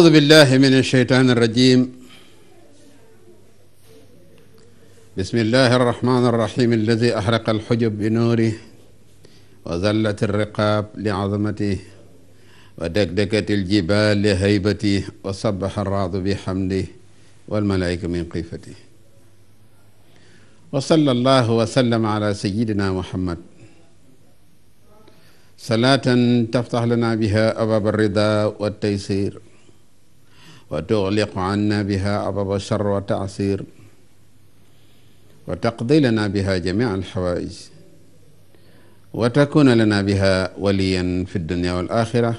أعوذ بالله من الشيطان الرجيم بسم الله الرحمن الرحيم الذي أحرق الحجب بنوره وذلت الرقاب لعظمته ودكدكت الجبال لهيبته وصبح الراض بحمده والملائكة من قيفته وصلى الله وسلم على سيدنا محمد صلاة تفتح لنا بها أبواب الرضا والتيسير wa tuxliqu anna biha ababa char wa taasir wa taqdi lana biha jami alxawaij wa takuna lana biha waliyan fi dunia wal axira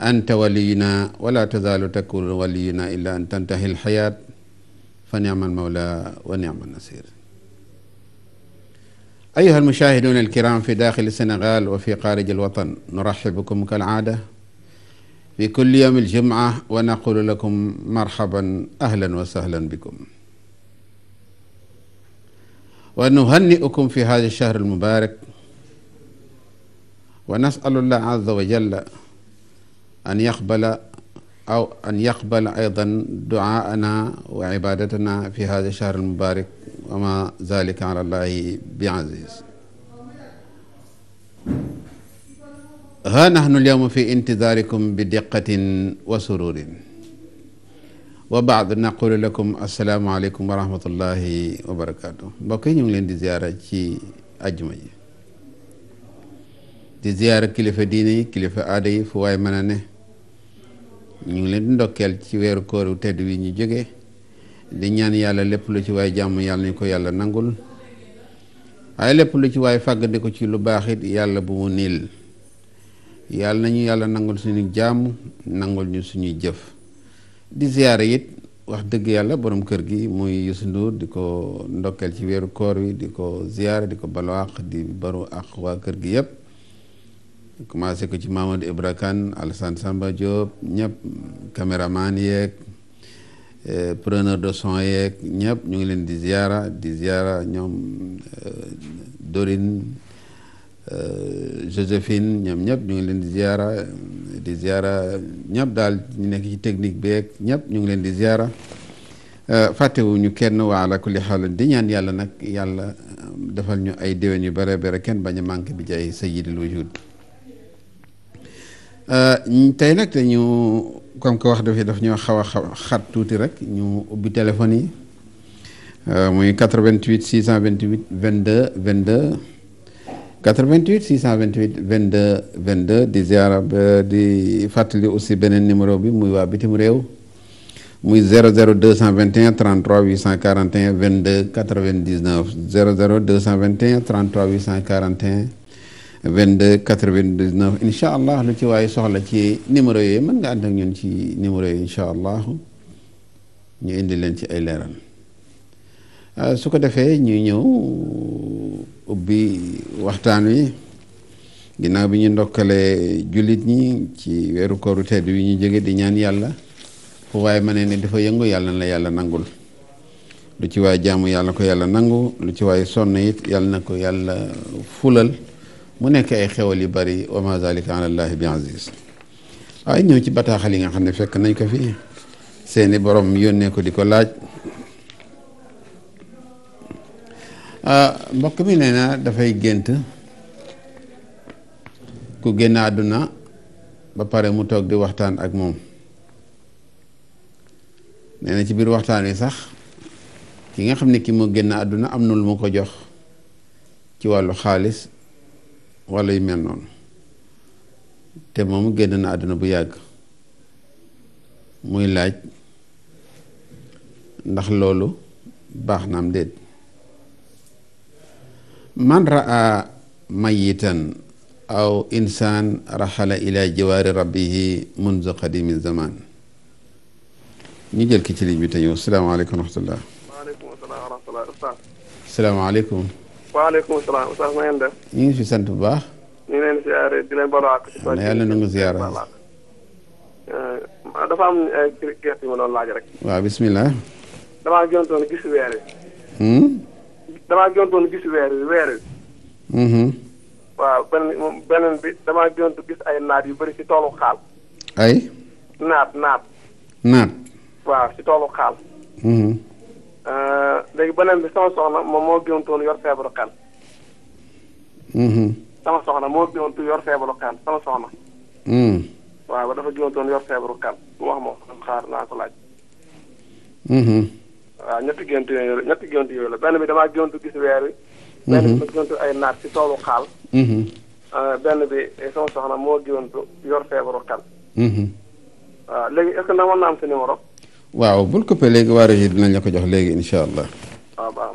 anta waliyuna wala tazaalu takunu waliyuna illa an tantahi alxayaat fa nicma almawla wa nicma alnasir أيها المشاهدون الكرام في داخل السنغال وفي خارج الوطن نرحبكم كالعادة fi kulli yawmi aljumaa wa naqulu lakum marhaban ahlan wa sahlan bikum wa nuhanni'ukum fi hadha ash-shahr al-mubarak wa nas'alu llaha azza wa jalla an yaqbala aw an yaqbala aydan du'aana wa ibadatana fi hadha ash-shahr al-mubarak wa ma zalika ala llahi bi aziz haa nahnu lyawma fi intidaarikum bi diqatin wa sururin wa baad naqulu lakum asalaamaaleykum wa rahmatullahi wa barakaatu mbokk yi leen di ziyaara ci àjjuma di ziyaara kilifa diine yi kilifa aada fu waay mën a ngi leen di ndokkeel ci weeru kóoru tedd wi ñu jóge di ñaan yàlla lépp lu ci waay jàmm yàlla nañu ko yàlla nangul waaye lépp lu ci waay fàggandiku ci lu baax yàlla bu mu niil yàlla nañu yàlla nangul suñu jàmm nangul ñu suñuy jëf di ziyaare it wax dëgg yàlla boroom kër gi muy Youssou Ndour di ko ndokkeel ci weeru koor wi di ko ziyaare di ko balu àq di baru àq waa kër gi yëpp commencé ko ci Mamadou Ibra Kane Alassane Samba Diop ñëpp caméraman yeeg euh, preneur de son yeeg ñëpp ñu ngi leen di ziyaara di ziyaara ñoom euh, Dorine Euh, Joséphine ñoom ñëpp ñu ngi leen di ziara di ziara ñëpp daal ñu nekk ci technique beeg ñëpp ñu ngi leen di ziara euh, fàttewuñu kenn waa ala kulli xaal di ñaan yàlla nag yàlla defal ñu ay déwén yu bare bare kenn bañ a manqué bi jaay sayyidul wujud euh, tey nag te ñu comme que wax dafay daf ñoo xaw a xat tuuti rek ñu ubbi téléphone yi muy vingt vingt 628 22 22. 88 628 22 22 di ziara di fàttali aussi beneen numéro bi muy waa bitim réew muy 00 221 33 841 22 99 00 221 33 841 22 99 incha allah lu ci waaye soxla ci numéro yooyu mën nga ànd ak ñun ci numéro yi incha allah ñu indi leen ci ay leeral. Euh, su ko defee ñuy ñëw ubbi waxtaan wi ginnaaw bi ñu ndokkalee jullit ñi ci weeru kooru tedd wi ñu jege di ñaan yàlla fu waaye ma ne ne dafa yëngu yàlla na yàlla nangul lu ci waay jaamu yàlla ko yàlla nangu lu ci waay sonn it yàlla na ko yàlla fulal mu nekk ay xewal yu bari wa ma zalika ala bi aziz waaye ñëw ci bataaxal yi nga xam ne fekk nañ ko fi seeni borom yónnee ko di ko laaj Ah, mbokk mi nee na dafay gént ku génn àdduna ba pare mu toog di waxtaan ak moom nee na ci biir waxtaan wi sax ki nga xam ne ki mu génn àdduna am nu lu mu ko jox ci wàllu xaalis walla yu mel noonu te moom génn na àdduna bu yàgg muy laaj ndax loolu baax na am déet man raa mayitan aw insaan raxala ila jiwaari rabbihi munzu qadimi zaman ñu jël ki ci ligne bi te ñëw salaamaaleykum wa rahmatullah waaleykum salaam wa rahmatullah ustaz salaamaaleykum waaleykum salaam ustaz na ngeen def ñu ngi fi sant bu baax ñu ngi leen ziare di leen baloo ak na yàlla na nga ziare dafa am eh, gerte yu ma doon laaj rek waaw bismillah damaa jontoon gis weer yi hmm? damaa jontoon gis weer wi weer wi. Mm-hmm. waaw beneen moom bi damaa jontu gis ay naat yu bëri si toolu xaal. ay. naat naat. naat. waaw si toolu xaal. Mm-hmm. Euh, léegi beneen bi sama soxna moom moo jontoon yor feebaru xel. Mm-hmm. sama soxna moo jontu yor feebaru xel sama soxna. Mm. waaw dafa jontoon yor feebaru xel wax moom xaar naa ko laaj. waaw ñetti gént yooyu la benn bi damaa gént gis weer wi. Mm-hmm. benn bi ma gént ay naat ci toolu xaal. Mm-hmm. Euh, benn bi eh, sama soxna moo gént yor feebaru xel. Mm-hmm. waaw léegi est-ce na mën naa am sa waaw bul coupé léegi waa régie dinañ la ko jox léegi incha allah. waaw ah, baax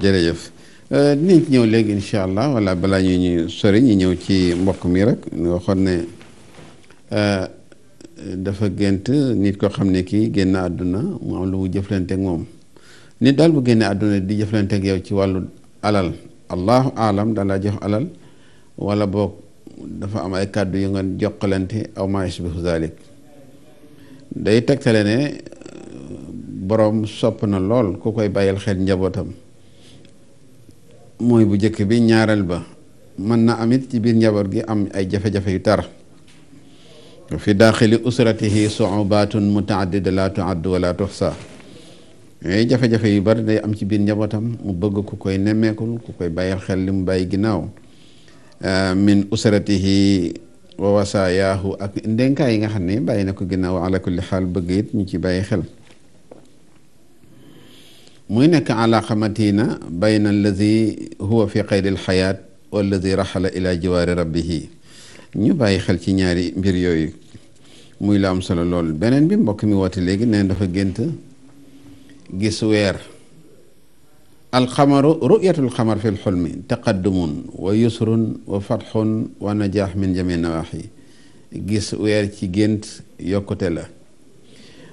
dinañ ci euh, ñëw léegi incha allah wala balaa ñuy ñu sori ñu ñëw ci mbokk mi rek ñu waxoon ne euh, dafa gént nit koo xam ne kii génn àdduna mu am lu mu jëflante moom. nit daal bu génne àdduna di jëflanteeg yow ci wàllu alal allahu alam dalaa jox alal walla boog dafa am ay kàddu yu ngeen aw ma yashbihu zalik day tegtale ne boroom sopp na lool ku koy bàyyil xel njabootam mooy bu njëkk bi ñaareel ba mën na amit ci biir njaboot gi am ay jafe-jafe yu tar fi daaxili usratihi suubatun mutaaddida laa tuaddu wala tuxsa yooyu eh, jafe yu bari day am ci biir njabootam mu bëgg ku koy nemmeekul ku koy bàyyil xel li mu bàyyi ginnaaw eh, min usratihi wa wasaayaahu ak ndenkaay yi nga xam ne bàyyi na ko ginnaaw ala kulli xaal bëgg it ñu ci bàyyi xel muy nekk ala xamatina bayna allazi huwa fi xayri alxayaat wa allazi raxala ila jiwaari rabbihi ñu bàyyi xel ci ñaari mbir yooyu muy la am solo lool beneen bi mbokk mi woote léegi neen dafa gént gis weer alxamaru ruyatul xamar fi lxulmi taqaddumun wa yusrun wa fatxun wa najaax min jami nawaaxi gis weer ci gént yokkute la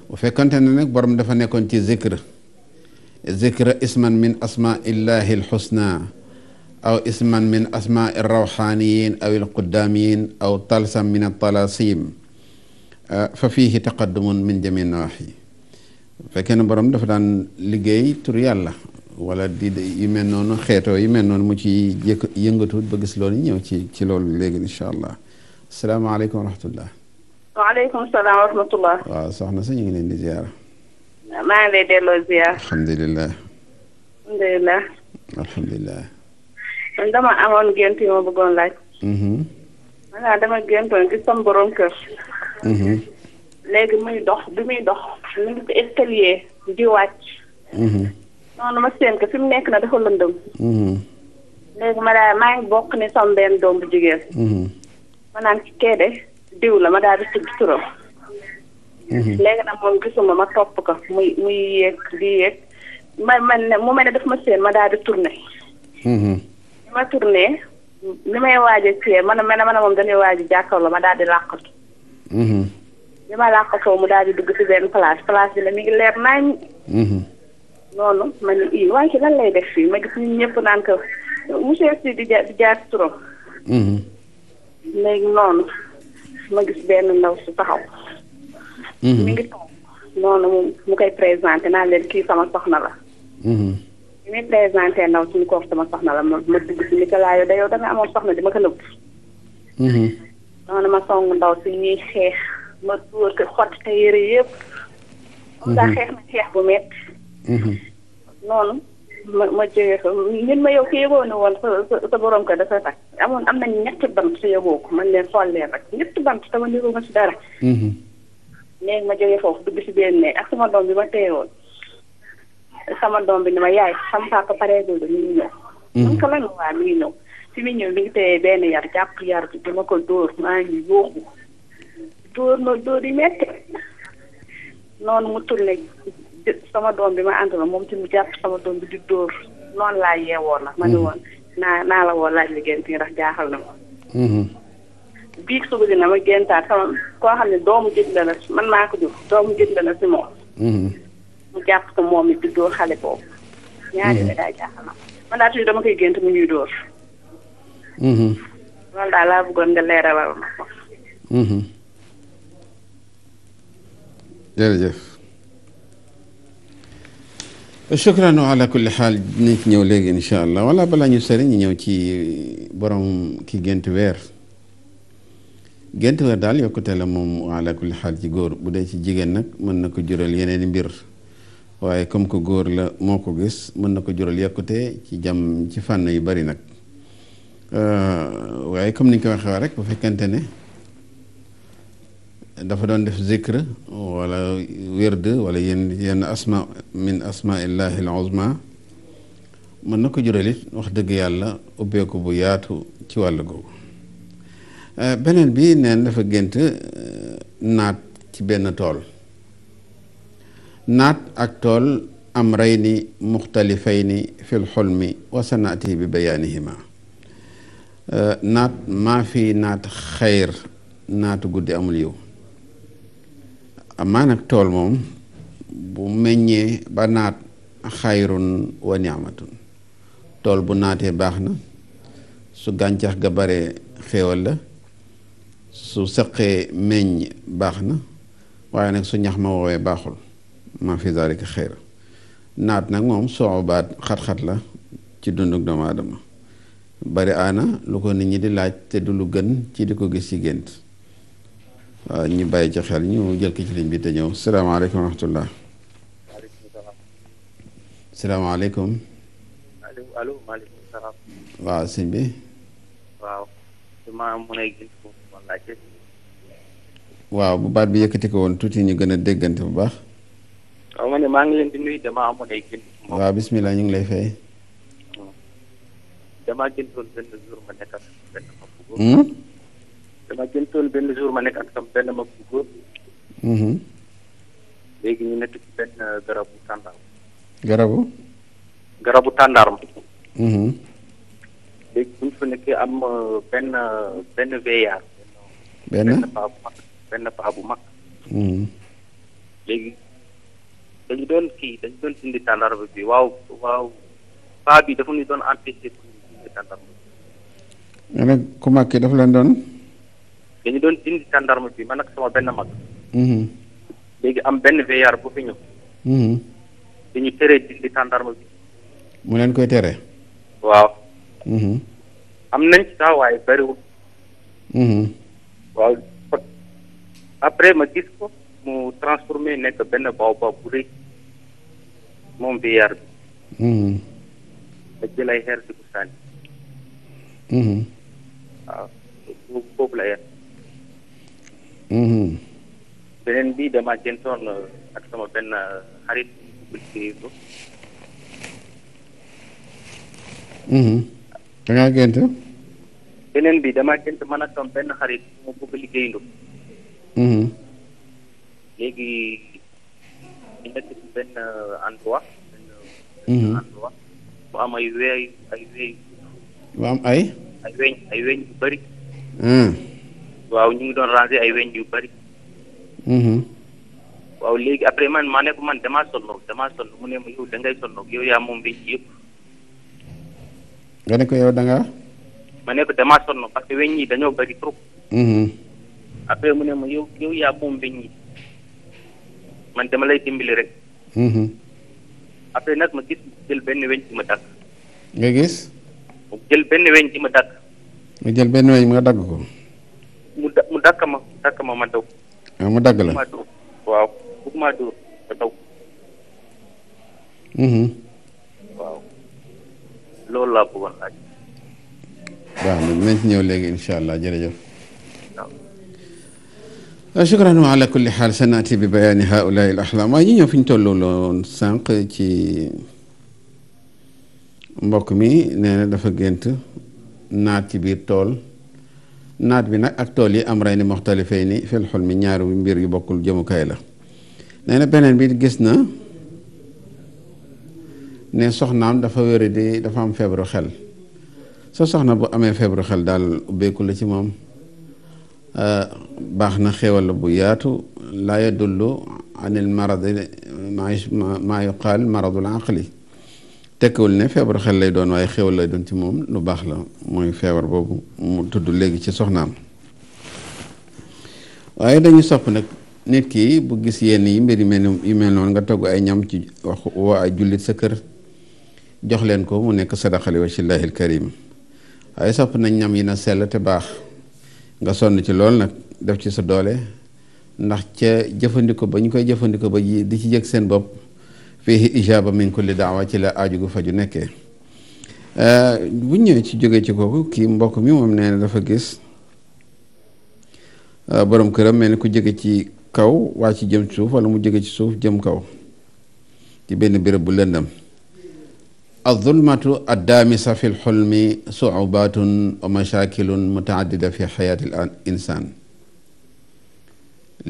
bu fekkante ne nag borom dafa nekkoon ci zikr zikr isman min asma illahi lxusna aw isman min asma rawxaaniyin aw ilquddaamiyin aw talsam min altalasim fa fiihi taqaddumun min jami nawaaxi fekkee ne borom dafa daan liggéey tur yàlla wala di yu mel noonu xeetoo yu mel noonu mu ci yëkk yëngatu ba gis loolu ñëw ci ci loolu léegi incha allah asalaamaaleykum wa rahmatullah waaleykum salaam wa rahmatullah waaw soxna sa ñu ngi leen di ziar. maa ngi lay delloo ziar. alhamdulilah. alhamdulilah. alhamdulilah. man dama amoon gént yu léegi muy dox bi muy dox mu ngi ci escalier di wàcc. Mhm. noonu ma séen ko fi mu nekk na dafa lëndëm. Mhm. léegi ma daal maa ngi bokk ni sama benn doom bu jigéen. Mhm. ma naan ci kee la ma daal di tudd turam. léegi nag moom gisuma ma topp ko mu mu yéeg di yéeg ma man ne mu mel ne daf ma séen ma daal di turne li ma tourné li may waaj a cee man man man moom dañuy waaj a jàkkaarloo ma daal di làqatu. bi ma làqasoo mu daal di dugg ci benn place place bi la mi ngi leer nañ. Mhm. noonu ma ni ii waaye ci lan lay def fii ma gis ñun ñëpp naan ko monsieur si di jaar di turam. Mhm. léegi noonu ma gis benn ndaw su taxaw. Mhm. mu ngi taxaw noonu mu koy présenté naa leen kii sama soxna la. bi muy présenté ndaw suñu kooku sama soxna la ma ma dugg si ni ko laajoo da da nga amoon soxna di ma ko nëbb. noonu ma song ndaw si ñuy xeex. ma dóor ko xott te yére yëpp. ndax mhm. xeex na xeex bu métti. Mhm. noonu ma ma jógee ko ñun ma yow ki yëgoo ne woon sa sa ko dafa takk amoon am nañ ñett bant te yëgoo ko man leen xool leen rek ñetti bant te man yëgoo ma si dara. Mhm. léegi ma jógee foofu dugg si benn néeg ak sama doom bi ma téye woon sama doom bi ni ma yaay sama papa pareegul de mi ngi ñëw. man ko lan waa mi ngi ñëw fi muy ñëw mi ngi téye benn yar jàpp yar bi dama ko dóor maa ngi yóoxu. dóor ma dóor yi metti noonu mu tourné sama doom bi ma ànt na moom ci mu jàpp sama doom bi di dóor noonu laa yeewoo ma ne woon naa la woo laaj liggéeyam fii ndax jaaxal na ma mm-hmm. biig suba dina ma géntaat sama koo xam ne doomu jënd man maa ko jur doomu jënd la si moom mm-hmm. mu jàpp ko moom it di dóor xale boobu ñaari la mm-hmm. daa jaaxal na man daa tuuti dama koy gént mu ñuy dóor loolu daal laa bëggoon nga leeralal ma ko jërëjëf shukran ala kulli xaal dinañ ñëw léegi incha allah wala balaa ñu sori ñëw ci borom ki gént weer gént weer daal yokkute la moom ala kulli xaal ci góor bu dee ci jigéen nag mën na ko jural yeneen mbir waaye comme que góor la moo ko gis mën na ko jural yokkute ci jam ci fànn yu bari nag euh, waaye comme ni koy ko waxee rek bu fekkente ne. dafa doon def zikr wala wird wala yenn yenn asma min asmaillahi al uzma na ko jural wax dëgg yàlla ubbeeku bu yaatu ci wàll googu euh, beneen bi neen dafa gént euh, naat ci benn tool naat ak tool amrayni muxtalifayni fil xulmi wa sanaati bi bayaanihima euh, naat maa fi naat xayr naatu guddi amul yiw amaa nag tool moom bu meññee ba naat xayrun wa ni'matun tool bu naatee baax na su gàncax ga bare xéewal la su sëqee meññ baax na waaye nag su ñax ma woowee baaxul ma fi zalika xayra naat nag moom soobaat xat-xat la ci dundu doomu aadama bari aana lu ko nit ñi di laaj te du lu gën ci di ko gis ci gént waaw ñu bàyyi ci xel ñu jël ko ci ligne bi te ñëw salaamaaleykum wa rahmatullah. maaleykum bi. waaw. bu baat bi yëkkati ko woon tuuti ñu gën a déggante bu baax. waaw ma ne maa ngi leen di nuyu damaa amoon ay gën. waaw bismillah ñu ngi lay fay. damaa gën doon benn jour ma nekk ak benn bopp. dama gëntoon benn jour ma nekk ak benn ma bu góor. Mhm. léegi ñu nekk benn euh, garabu tàndaar. garabu. garabu tàndaar. Mhm. léegi bu ñu fa am euh, benn euh, benn vieillard. benn benn bu mag benn paa bu mag. Mhm. léegi dañu doon kii dañu doon indi tàndaar bi waaw waaw paa bi dafa ñu doon empêché pour ñu bi. dafa leen doon. dañu doon dindi gendarme bi man ak sama benn mag. Mhm. léegi am benn veillard bu fi ñëw. Mhm. dañu tere dindi gendarme bi. mu leen koy tere. waaw. Mhm. am nañ ci saa waaye bëriwul. waaw après ma gis ko mu transformé nekk benn baobab bu rëy moom veillard bi. ma jël ay xeer di ko sànni. waaw foofu la yem. Mm-hmm. beneen bi dama jëntoon uh, ak sama benn uh, xarit bu ko. Mm-hmm. da ngaa gënt. beneen bi dama gënt man ak sama benn xarit mu bëgg liggéeyandu. Mm-hmm. léegi ñu nekk ci benn uh, endroit. am ay ay weey. mu ay. ay weñ ay weñ waaw ñu ngi doon ranger ay weñ yu bari. Mm-hmm. waaw léegi après man maa ne ko man damaa sonnoog damaa sonn mu ne ma yow da ngay sonnoog yow yaa moom weñ yëpp. nga ne ko yow da nga. ma ne ko damaa sonn parce que weñ yi dañoo bari trop. Mm-hmm. après mu ne ma yow yow yaa moom weñ yi man dama lay dimbali rek. Mm-hmm. après nag ma gis benn weñ ci ma dagg. nga gis. jël benn weñ ci ma dagg. nga jël benn weñ nga dagg mu dàkk ma dàkk ma ma daw. Ah, mu dagg la ma dóor waaw bëgg maa dóor ma daw. Mm-hmm. waaw loolu laa bëggoon laaj. baax na dinañ ci ñëw léegi incha allah jërëjëf. Ah, shukran wa ala kulli xaal sanaati bi bayaani haulaai al axlaam waaye ñu ñëw fi ñu tollooloon sànq ci mbokk mi nee na dafa gént naat ci biir tool. naat bi nag ak tool yi am rey ni moxtalifay ni fil xol mi ñaaru mbir yu bokkul jëmukaay la nee na beneen bi gis na ne soxnaam dafa wér di dafa am feebaru xel sa soxna bu amee feebaru xel daal ubbeeku la ci moom baax na xéewal la bu yaatu laa yadullu anil maradi maa yuqaal maradul aqli tekkiwul ne feebaru xel lay doon waaye xéwal lay doon ci moom lu baax la mooy feebar boobu mu tudd léegi ci soxnaam waaye dañu sopp nag nit ki bu gis yenn yi mbir yu mel yu mel noonu nga togg ay ñam ci wax waa jullit sa kër jox leen ko mu nekk sadaxali wa sillahil karim waaye sopp nañ ñam yi na sell te baax nga sonn ci lool nag def ci sa doole ndax ca jëfandikoo ba ñu koy jëfandikoo ba di ci jëg seen bopp fihi ijaaba min kulli daawa ci la aaju gu faju nekkee euh, bu ñëwee ci jóge ci kooku kii mbokk mi moom nee na fa gis euh, borom këram mel ni ku jóge ci kaw ci jëm suuf wala mu jóge ci suuf jëm kaw ci benn béréb bu lëndam الظلمة الدامسة في الحلم صعوبات ومشاكل متعددة في حياة الإنسان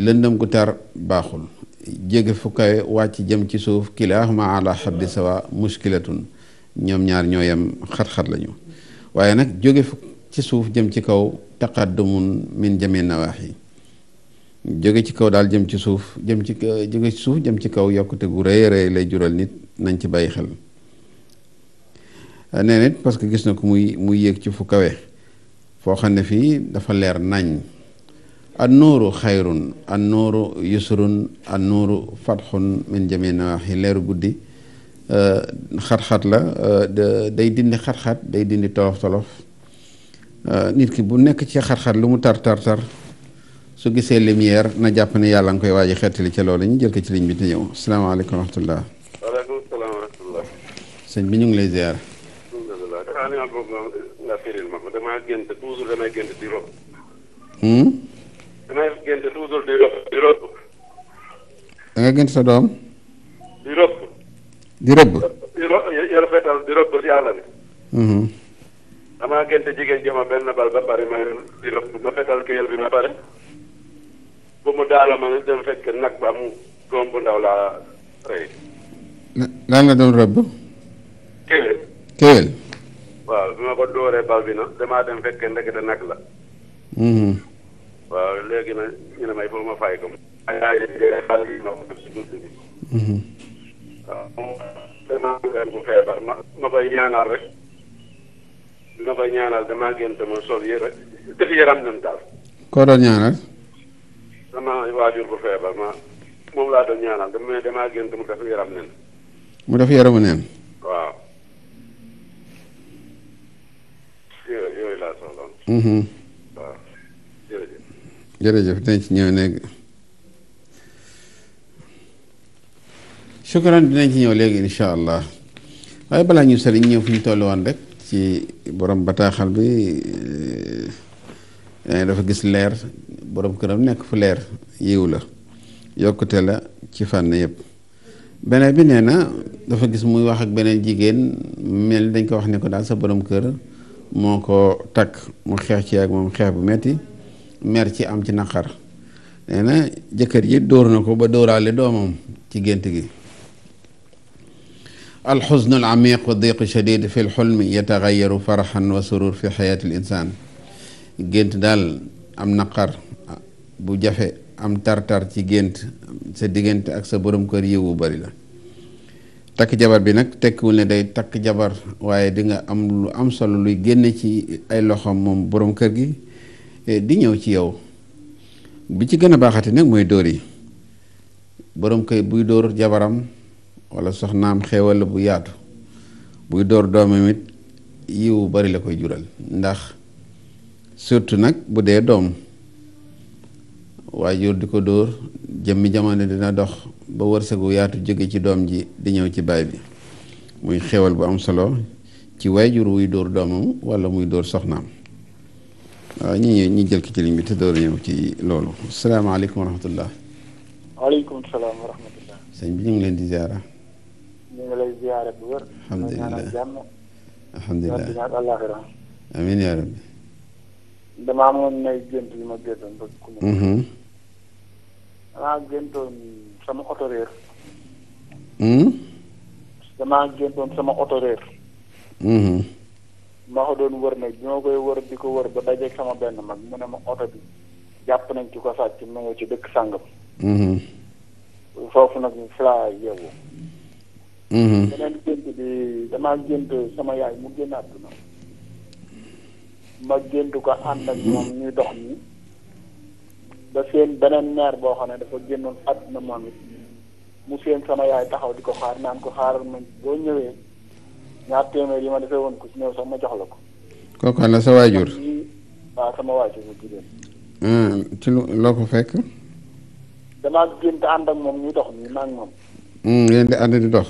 lëndëm gu tar baaxul jége fu kawe wàcc jëm ci suuf kilaahuma ala xaddi sawa muskilatun ñoom ñaar ñoo yem xat-xat lañu waaye nag jóge ci suuf jëm ci kaw taqaddumun min jami nawaaxi jóge ci kaw daal jëm ci suuf jëm ci jóge ci suuf jëm ci kaw yokkute gu rëy rëy lay jural nit nañ ci bàyyi xel nee nit parce que gis na ko muy muy yéeg ci fu kawe foo xam ne fii dafa leer nañ a annuuru xayrun annuuru yusrun annuuru fatxun min jami nawaaxi leeru guddi euh, xat-xat la euh, day dindi xat-xat day dindi tolof-tolof euh, nit ki bu nekk ci xat-xat lu mu tar tar tar su gisee lumière na jàpp ne yàlla nga koy waaj a xeetali ca loolu ñu jël ko ci ligne bi te ñëw asalaamaaleykum wa rahmatullah. waaleykum salaam wa rahmatullah. sëñ bi ñu ngi lay ziar. alhamdulilah damaa gënt toujours damay gënt di rob. Hmm? damay gënt toujours di rëbb di rëbb. da nga gënt sa di rëbb. di rëbb. di rëbb yàlla fetal di rëbb yàlla bi. Mhm. damaa jigéen jëma benn bal ba pare ma di rëbb ma fetal kéyal bi ba pare. bu daala ma dem fekk nag ba mu doom ndaw laa rëy. lan nga doon rëbb. kéwél. kéwél. waaw bi ma ko dóoree bal bi dem fekk ndekete nag la. Mhm. waaw léegi nag ñu may pour ma fay ko. ay ay xale yu ndox bu feebar ma ma koy ñaanal rek ma koy ñaanal damaa gën sama sol yi rek def yaram nañ daal. koo doon ñaanal. sama waajur bu feebar ma moom laa doon ñaanal dama damaa gën mu def yaram nen. mu def yaramu nen. waaw. yooyu yooyu laa soxla. jërëjëf dinañ ci ñëw léegi shukran dinañ ci ñëw léegi incha allah waaye balaa ñu sori ñëw fi ñu tollu woon rek ci borom bataaxal bi eh, dafa gis leer borom këram nekk fu leer yiw la yokkute la ci fànn yëpp beneen bi nee na dafa gis muy wax ak beneen jigéen mel dañ ko wax ne ko daal sa borom kër moo ko takk mu xeex ci ak moom xeex bu metti mer ci am ci naqar nee na jëkkër ji dóor na ko ba dóoraale doomam ci gént gi alxusnu al amiq wa diq shadid fi lxulmi yetaxayaru faraxan wa surur fi xayaati l insaan gént daal am naqar bu jafe am tartar ci gént sa diggante ak sa borom kër yiw bari la takk jabar bi nag tekkiwul ne day takk jabar waaye di nga am lu am solo luy génne ci ay loxoom moom borom kër gi Eh, di ñëw ci yow bi ci gën a baaxati nag mooy dóor yi boroom kay buy dóor jabaram wala soxnaam xéewal la bu yaatu buy dóor doomam it yiw bari la koy jural ndax surtout nag bu dee doom waajur di ko dóor jëmmi jamono dina dox ba wërsëgu yaatu jóge ci doom ji di ñëw ci baay bi muy xewal bu am solo ci waajur wuy dóor doomam wala muy dóor soxnaam waaw ñu ñëw ñu jël ko ci ligne bi te door a ñëw ci loolu salaamaaleykum wa rahmatullah. waaleykum salaam wa rahmatullah. sëñ bi ñu ngi leen di ziara. ñu ngi lay ziara bu wér. alhamdulilah alhamdulilah amiin yaa rabbi. damaa amoon nay gént yu ma géntoon ba ku ne. Mm-hmm. damaa géntoon sama oto réer. Mm-hmm. damaa géntoon sama oto réer. Mm-hmm. maa ko doon wër nag ñoo koy wër di ko wër ba dajeeg sama benn mag mu ne ma oto bi jàpp nañ ci ko sàcc mu nga ci dëkk sàngam. Mhm. foofu nag fla yeewu. Mhm. beneen gént bi damaa gént sama yaay mu génn àdduna ma gént ko ànd ak moom dox nii ba beneen meer boo xam ne dafa génnoon àdduna moom mu seen sama yaay taxaw di ko xaar naan ko xaaral ma boo ñëwee. ñaar téeméer yi ma defee woon ko ci ñëw sax ma jox la ko. kooku la sa waajur. waaw sama waajur bu jigéen. Hmm, ci loo ko fekk. damaa gént ànd ak moom ñuy dox nii maa ngi moom. ngeen hmm, di ànd di dox.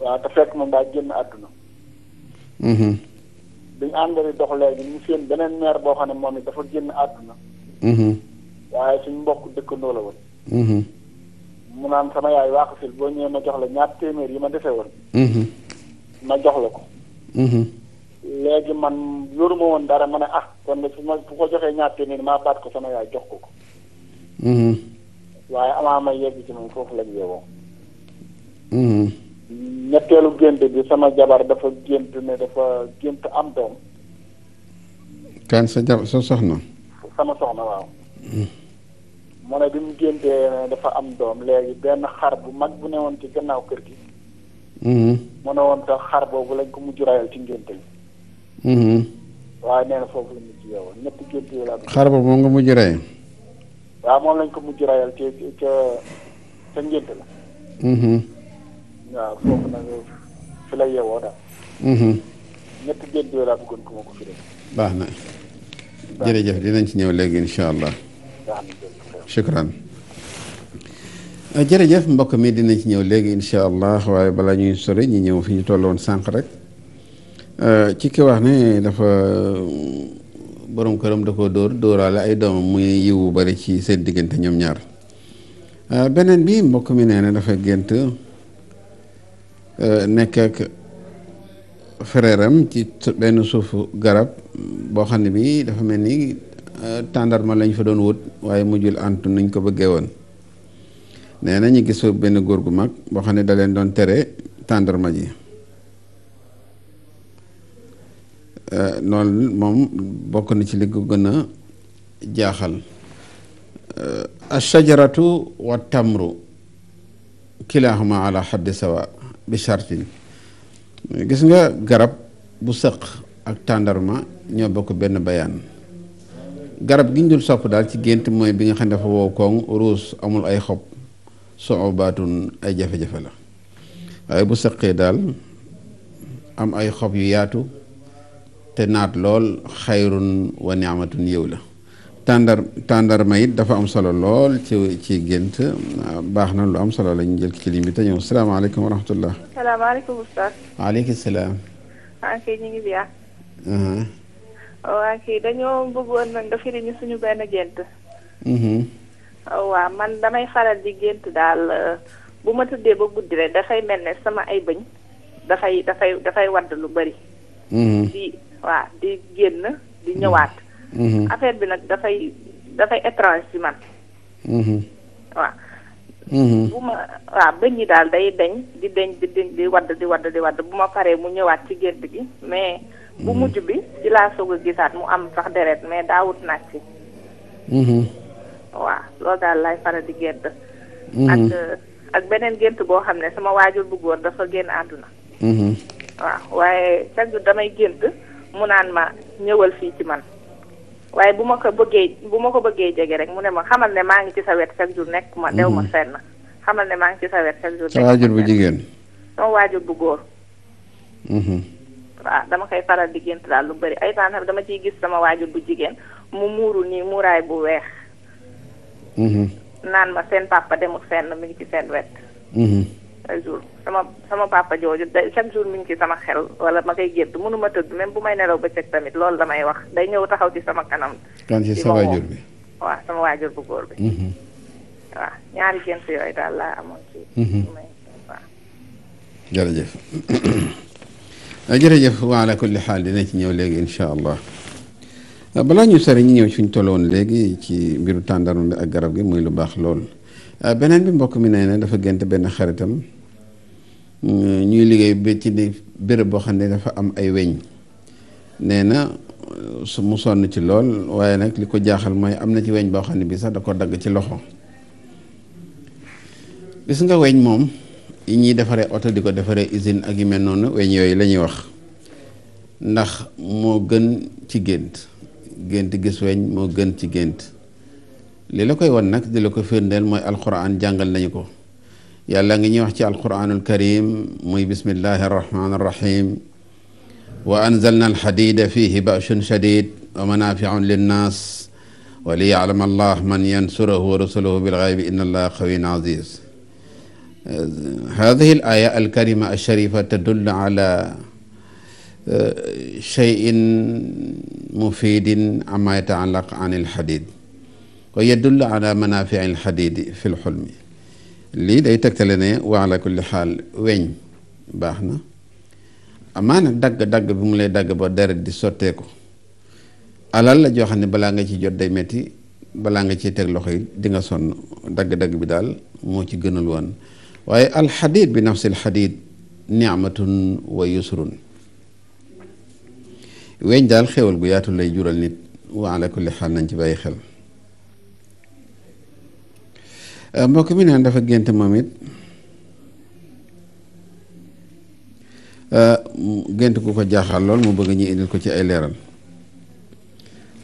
waaw fekk moom daa génn àdduna. dañu hmm. ànd di dox léegi ñu seen beneen meer boo xam ne moom it dafa génn àdduna. waaye suñu mbokk dëkkandoo la woon. mu naan sama yaay waaxu fil boo ñëwee ma jox la ñaar téeméer yi ma defee woon. ma jox la ko. Mhm. léegi man loolu ma woon dara ma ne ah kon su ma bu ko joxee ñaar téeméer maa baat ko sama yaay jox ko ko. Mhm. waaye amaa ma yegg ci moom foofu lañ yeewoo. Mhm. ñetteelu gént bi sama jabar dafa gént ne dafa gént am doom. kan sa jab sa soxna. sama soxna waaw. mu ne bi mu géntee dafa am doom léegi benn xar bu mag bu ne woon ci gannaaw kër gi. mu mm-hmm. ne woon sax xar boobu lañ ko mujj rayal ci ngénte li mm-hmm. waaye nee na foofu la waaw moom lañ ko mujj rayal ci ca la mm-hmm. waaw nag fi gént yi laa bëggoon ku ma ko fi def baax na jërëjëf dinañ ci ñëw léegi incha allah shukran Euh, jërëjëf mbokk mi dinañ ci ñëw léegi incha allah waaye balaa ñuy sori ñi ñëw fi ñu tolloon sànq rek euh, ci ki wax ne dafa borom këram da ko dóor dóoraale ay doomam muy yiwu bari ci seen diggante ñoom ñaar euh, beneen bi mbokk mi nee na dafa gént nekk ak frère ci benn suufu garab boo xam ne bi dafa mel ni tàndarma lañ fa doon wut waaye mujjul antu nuñ ko bëggee woon nee na ñu gis fa benn góor gu mag boo xam ne da leen doon tere tàndarma ji euh, loolu moom bokk na ci li ko gën a jaaxal euh, achajaratu wa tamru kilahuma ala xaddi sawa bi chartin gis nga garab bu sëq ak tàndarma ñoo bokk benn bayaan garab gi ñu dul sopp daal ci gént mooy bi nga xam ne dafa wow koŋ ruus amul ay xob soobaatun ay jafe-jafe la waaye bu saqee daal am ay xob yu yaatu te naat lool xayrun wa niamatun yow la tàndar tàndarma dafa am solo lool ci gént baax na lu am solo la ñu ci ligne bi ñëw salaamaaleykum wa rahmatullah. salaamaaleykum salaam. ah kay ngi ziar. Uh-huh. waa kii dañoo bëggoon nag nga firi suñu benn gént. Mm-hmm. Oh, waaw man damay faral di gént daal euh, bu ma tëddee ba guddi rek dafay mel ne sama ay bëñ dafay dafay dafay wadd lu bari mm-hmm. di waaw di génn di ñëwaat mm-hmm. affaire bi nag dafay dafay étrange si man mm-hmm. waaw bu ma waaw bëñ yi daal day deñ di deñ di deñ di wadd di wadd di wadd bu ma paree mu ñëwaat ci gént gi mais bu mujj bi ci laa sog a gisaat mu am sax deret mais daawut naa ci waaw loolu daal lay faral di gént. Mhm. ak euh, ak beneen gént boo xam ne sama waajur bu góor dafa génn àdduna. Mhm. waaw waaye chaque jour damay gént mu naan ma ñëwal fii ci man waaye bu ma ko bëggee bu ma ko bëggee jege rek mu ne ma xamal ne maa ngi ci sa wet chaque nekk ma dew ma mhm. fenn xamal ne maa ngi ci sa wet chaque jour. waajur bu jigéen. sama waajur bu góor. waaw dama koy faral di gént daal lu bari ay temps dama ciy gis sama waajur bu jigéen mu muuru nii muuraay bu weex. Mm-hmm. naan ma seen papa demul fenn mi ngi ci seen wet. chaque mm-hmm. jour sama sama papa jooju day chaque jour mi ngi ci sama xel wala ma koy gént mënu ma tëdd même bu may nelaw bëccëg tamit loolu la may wax day ñëw taxaw ci sama kanam. kan ci sa waajur bi waaw sama waajur bu góor bi. Mm-hmm. waaw ñaari gént yooyu daal laa amoon ci. jërëjëf jërëjëf wa ala kulli xaal dina ci ñëw léegi incha allah. Ah, balaa ñu sori ñu ñëw fi ñu tolloon léegi ci mbiru tàndaru bi ak garab gi muy lu baax lool ah, beneen bi mbokk mi nee na dafa gént benn xaritam mm, ñuy liggéey ba ci ni béréb boo xam ne dafa am ay weñ nee na su mu sonn ci lool waaye nag li ko jaaxal mooy am na ci weñ boo xam ne bii sax da ko dagg ci loxo gis nga weñ moom yi ñuy defaree oto di ko defaree usine ak yu mel noonu weñ yooyu lañuy wax ndax moo gën ci gént gént gis weñ moo gën ci gént li la koy wan nag di la ko firndeel mooy alquran jàngal nañu ko yàlla ngi ñuy wax ci alquranul karim muy bismillahi arrahmani arrahim wa anzalna alxadida fihi bashun shadid wa manafiun linnas wa li yaalama allah man yansurahu wa rasuluhu bilxaybi inna allaha qawiyun aziz hadihi al aya alkarima alsharifa tadullu ala cheyin mufidin ama yataallaq an ilxadid wa yadullu ala manafici ilxadidi fi lxulmi lii day tegtale ne wa ala na amaana dagg-dagg bi dagg ba deret di sotteeku alal la joo xam ne balaa nga ci jot day metti balaa nga ci teg loxo yi di sonn dagg-dagg bi daal moo ci gënal woon waaye alxadid bi nafsi alxadid nicmatun wa yusrun weñ daal xéwal gu yaatu lay jural nit wa ala xaal nañ ci bàyyi xel euh, mbokk mi naan dafa gént moom it euh, gént ku ko jaaxal lool mu bëgg ñu indil ko ci ay leeral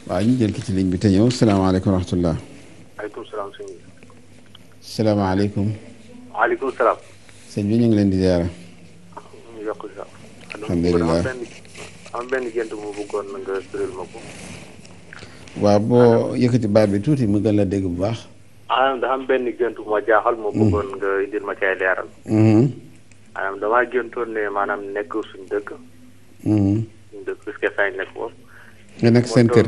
waa ñu jël ki ci liñ bi te ñëw salaamaaleykum wa rahmatullah. maaleykum salaam sëñ bi. salaam. sëñ bi ñu ngi leen di ziara. Ah, am benn gént bu bëggoon nga firil ma ko. waaw boo yëkkati baat bi tuuti mu gën la dégg bu baax. maanaam dafa benn gént bu ma jaaxal. ma mm. bëggoon nga indil ma cay leeral. maanaam mm-hmm. damaa maanaam nekk suñu dëkk. Mm-hmm. suñu dëkk puisque saa nekk seen kër.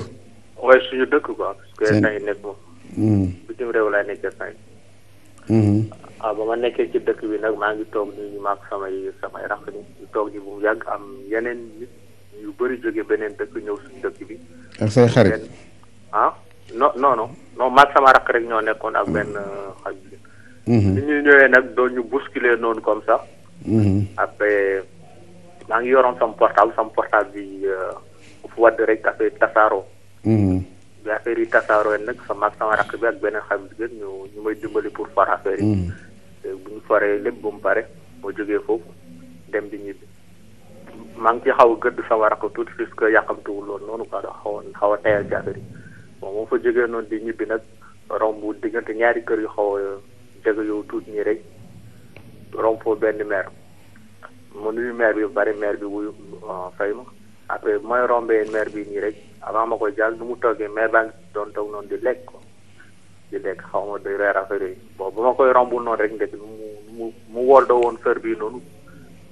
waaye suñu dëkk quoi. seen puisque nekk moom. Mm-hmm. bitim réew laay nekkee saa ah, waaw ba ma nekkee ci dëkk bi nag maa ngi toog nii ñu maak samay samay rax ni toog nii bu mu yàgg am yeneen yu bëri jóge beneen dëkk ñëw suñu dëkk bi. ak say xarit ah non non non non sama rakk rek ñoo nekkoon ak benn mm-hmm. euh, xaj bi. li mm-hmm. ñëwee nag doon ñu bousculer noonu comme ça. Mm-hmm. après maa ngi yoroon sama portable sama portable bi euh, fu wadd rek yi nag sama ak sama rakk bi ak beneen xam bi ñu may dimbali pour far affaire yi. Euh, bu ñu faree lépp bu mu pare moo jógee foofu dem di ñibbi. maa ngi ci xaw a gëdd sama rakk tuuti puisque yàqamtuwul loolu noonu quoi da xaw a tayal ci affaire yi fa jógee noonu di ñibbi nag romb diggante ñaari kër yu xaw a jege yow tuuti nii rek romb foofu benn maire mu nuyu bari maire bi wuyu fay ma après mooy rombee meer bi nii rek avant ma koy jàll nu mu toggee maire baa ngi doon toog noonu di lekk ko di lekk xaw ma day reer affaire yi bon ba ma koy romb noonu rek ndek mu mu woldoo woon sër bii noonu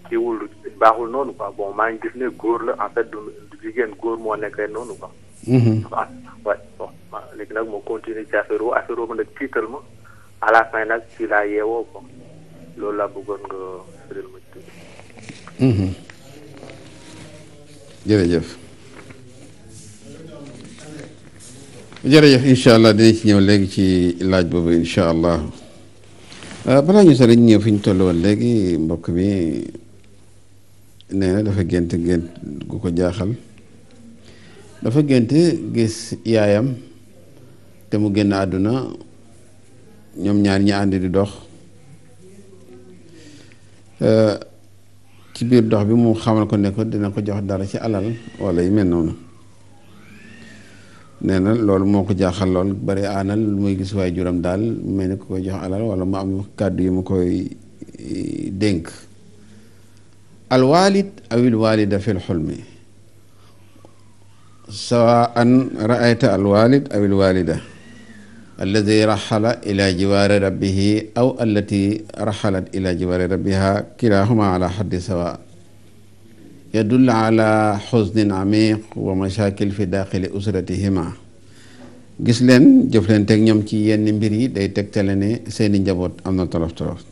ci wul baaxul noonu quoi maa ngi gis ne góor la en fait du góor moo nekkee noonu quoi. waaw mhm. ah, waaye nag moo continuer ci affaire boobu affaire boobu nag tiital ma à la fin nag ci laa yeewoo ko loolu laa bëggoon nga firil ma ci. Mhm. jërëjëf. jërëjëf incha allah dinañ ci ñëw léegi ci laaj boobu incha allah euh, balaa ñu sori ñëw fi ñu toll woon léegi mbokk mi. nee na dafa gént gént gu ko jaaxal dafa gént gis yaayam te mu génn àdduna ñoom ñaar ñi ànd di dox euh, ci biir dox bi mu xamal ko ne ko dina ko jox dara ci alal wala yi mel noonu nee na loolu moo ko jaaxal lool bari aanal lu muy gis waaye juram daal mel ni ku ko koy jox alal wala mu am kàddu yi mu koy eh, dénk alwaalid awil waalida fil xulmi sawaan raayta alwaalid awil waalida alladi raxala ila jiwaari rabbihi aw allati raxalat ila jiwaari rabbiha kilahuma ala xaddi sawa yadul ala xusnin amiq wa mashakil fi daaxili usratihima gis leen jëf teg ñoom ci yenn mbir yi day teg ne seeni njaboot am na tolof tolof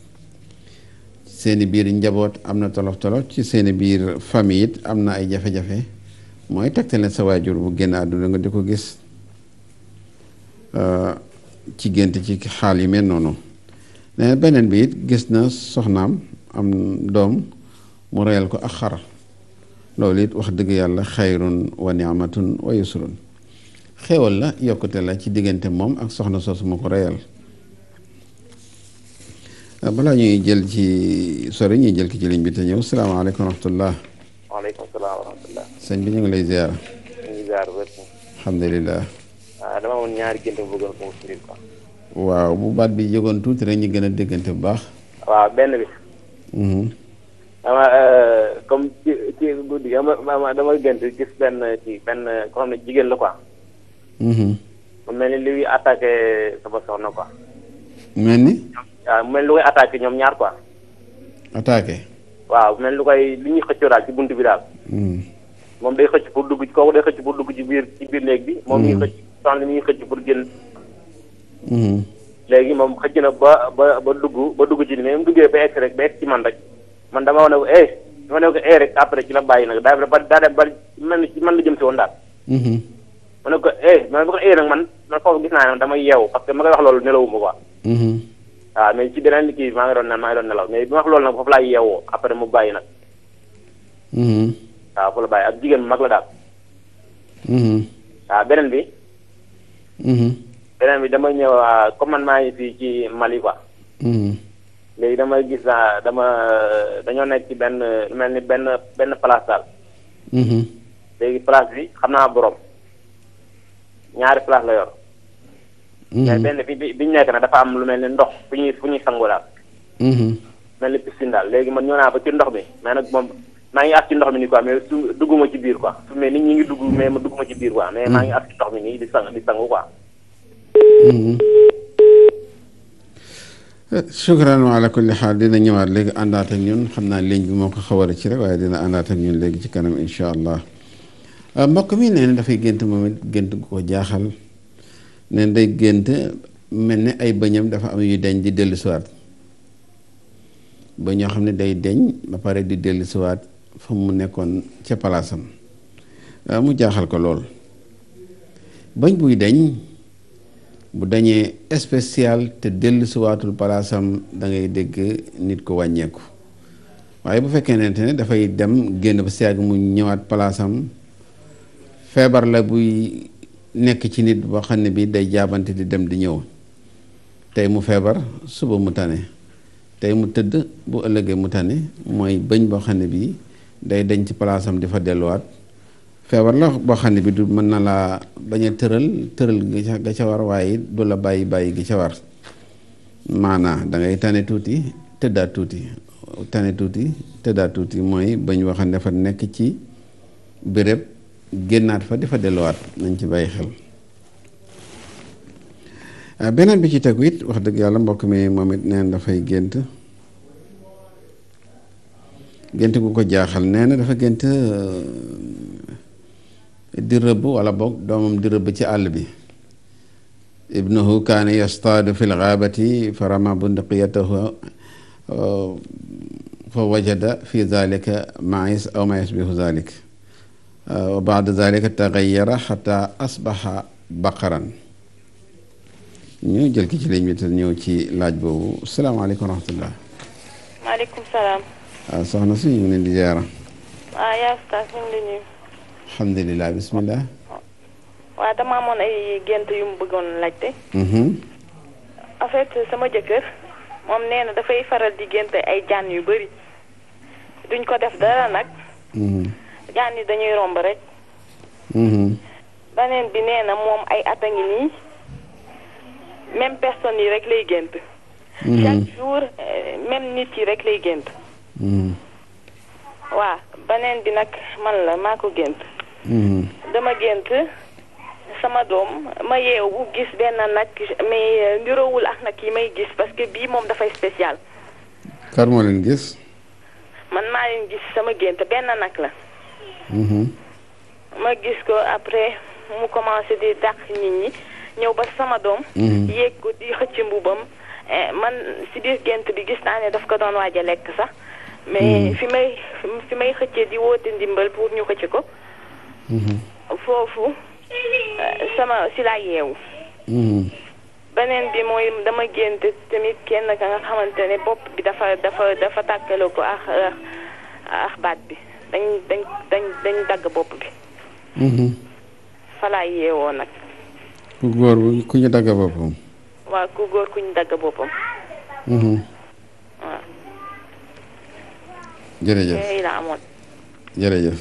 seeni biir njaboot am na tolof tolof ci seeni biir famille it am na ay jafe-jafe mooy tegtale sa waajur bu génn àdduna nga di ko gis euh, ci gént ci xaal yi mel noonu nee beneen bi it gis na soxnaam am doom mu reyal ko ak xar loolu it wax dëgg yàlla xayrun wa ni'matun wa yusrun xéewal la yokkute la ci diggante moom ak soxna soosu mu ko reyal Ah, balaa ñuy jël ci sori ñuy jël ki ci liñ bi te ñëw salaamaaleykum wa rahmatullah. waaleykum salaam wa rahmatullah. sëñ bi ñu ngi lay ziar. ñu ngi ziar wér. alhamdulilah. ah dama amoon ñaari gént bu bëggoon ko firil ko. waaw bu baat bi jógoon tuuti rek ñu gën a déggante bu baax. waaw benn bi. Mhm. dama euh, comme ci ci guddi dama dama gént gis benn ci benn koo xam ne jigéen la quoi. Mhm. mu mel ni luy attaqué sama soxna quoi. mel ni. waaw ah, mel lu koy attaqué ñoom ñaar quoi. attaqué. waaw mel lu koy li ñuy xëccoo daal ci bunt bi daal. Hmm. moom day xëcc pour dugg ci kooku xëcc pour dugg ci biir ci biir néeg bi. moom ñuy hmm. xëcc soxna mi ñuy pour génn. Hmm. moom xëcc na ba ba ba dugg ba dugg ci ni mais man rek man dama wane ko eh dama ne eh, bàyyi nag daa ba daa man la jëm si woon daal. ma ne ko eh ma ne ko eh nag man man foofu gis naa ne damay yeewu parce que ma koy wax loolu nelawuma quoi. waaw mm-hmm. ah, mais ci beneen kii maa ngi doon naan nelaw mais bi ma wax loolu nag foofu laa yeewoo après mu bàyyi nag. waaw mm-hmm. ah, foofu la bàyyi ak jigéen bu mag la daal. waaw mm-hmm. ah, beneen bi. beneen bi dama ñëw comme man maa ngi fii ci Mali quoi. léegi dama gis dama euh, dañoo nekk ci benn mel ni benn benn place daal. léegi place bi xam naa borom ñaari place la yor. mais mm-hmm. benn bi bi nekk na dafa am lu mel ne ndox fu ñu fu ñuy sangu daal mm-hmm. mel ni piscine daal léegi man ci ndox mi mais nag moom maa ngi as ci ndox ci biir quoi su mais nit ñi ngi dugg ma ci biir quoi mais maa ngi mm-hmm. as ci ndox mi nii di sang di sangu quoi eh, shukran wa ala kulli xaal dina ñëwaat léegi àndaat ak ñun xam naa ligne bi moo ko xawara ci rek waaye dina àndaat ak ñun léegi ci kanam incha allah eh, mbokk mi nee na dafay gént moom it gént ko jaaxal neen day gént mel ni ay bëñam dafa am yu deñ di dellusiwaat ba ñoo xam ne day deñ ba pare di dellusiwaat fa mu nekkoon ca palaasam mu jaaxal ko lool bañ buy deñ bu dañee spécial te dellusiwaatul palaasam dangay dégg nit ko wàññeeku waaye bu fekkee ne dafay dem génn ba si yàgg mu ñëwaat palaasam feebar la buy nekk ci nit boo xam ne bii day jaabante di dem di ñëw tey mu feebar suba mu tane tey mu tëdd bu ëllëgee mu tane mooy bëñ boo xam ne bii day dañ ci palaasam di fa delluwaat feebar la boo xam ne bi du mën na laa bañ a tëral tëral ga ca war waaye du la bàyyi bàyyi gi ca war maanaa dangay tane tuuti tëddaat tuuti tane tuuti tëddaat tuuti mooy bëñ boo ne dafa nekk ci bërëb génnaat fa di fa delluwaat nañ ci bàyyi xel ah, beneen bi ci tegu it wax dëgg yàlla mbokk mi moom it neen dafay gént gént gu ko jaaxal nee na dafa gént euh, di rëbb wala boog doomam di rëbb ci àll bi ibnuhu kaana yastaadu fi lxaabati fa rama bundaqiyatahu euh, fa wajada fi dalika mais aw ma yasbihu dalik wa baada dalika taxayara ñu jël ki ci ci laaj boobu salaamaaleykum wa rahmatullah maaleykum salaam ah, ah, yaa ustaas ñu ngi leen bismillah waaw dama ay gént yu bëggoon laajte mm-hmm. en fait sama jëkkër moom nee dafay faral di gént ay jaan yu bëri duñ ko def dara nag mm-hmm. gaan yi dañuy romb rek. Mm-hmm. beneen bi nee na moom ay at a ngi nii même personne yi rek lay gént. Mm-hmm. chaque jour eh, même nit yi rek lay gént. Mm-hmm. waa beneen bi nag man la maa ko gént. dama gént sama doom ma yeewu gis benn nag mais eh, niroowul ak nag yi may gis parce que bii moom dafay spécial. kan moo leen gis. man maa leen gis sama gént benn nag la. Mm-hmm. ma gis ko après mu commencé di dàq nit ñi ñëw ba sama doom mm-hmm. yéeg ko di xëcc mbubbam eh, man si biir gént bi gis naa ne daf ko doon waaj a lekk sax mais mm-hmm. fi may fi may xëccee di woote ndimbal pour ñu xëcc ko foofu eh, sama si laa yeewu beneen bi mooy dama gént tamit kenn ka nga xamante ne bopp bi dafa dafa dafa tàkkale ko ak ak baat bi dañ dañ dañ dañ bi. Mm-hmm. falaa yeewoo nag. ku góor ku ñu dagg boppam. waaw ku góor ku ñu mm-hmm. jërëjëf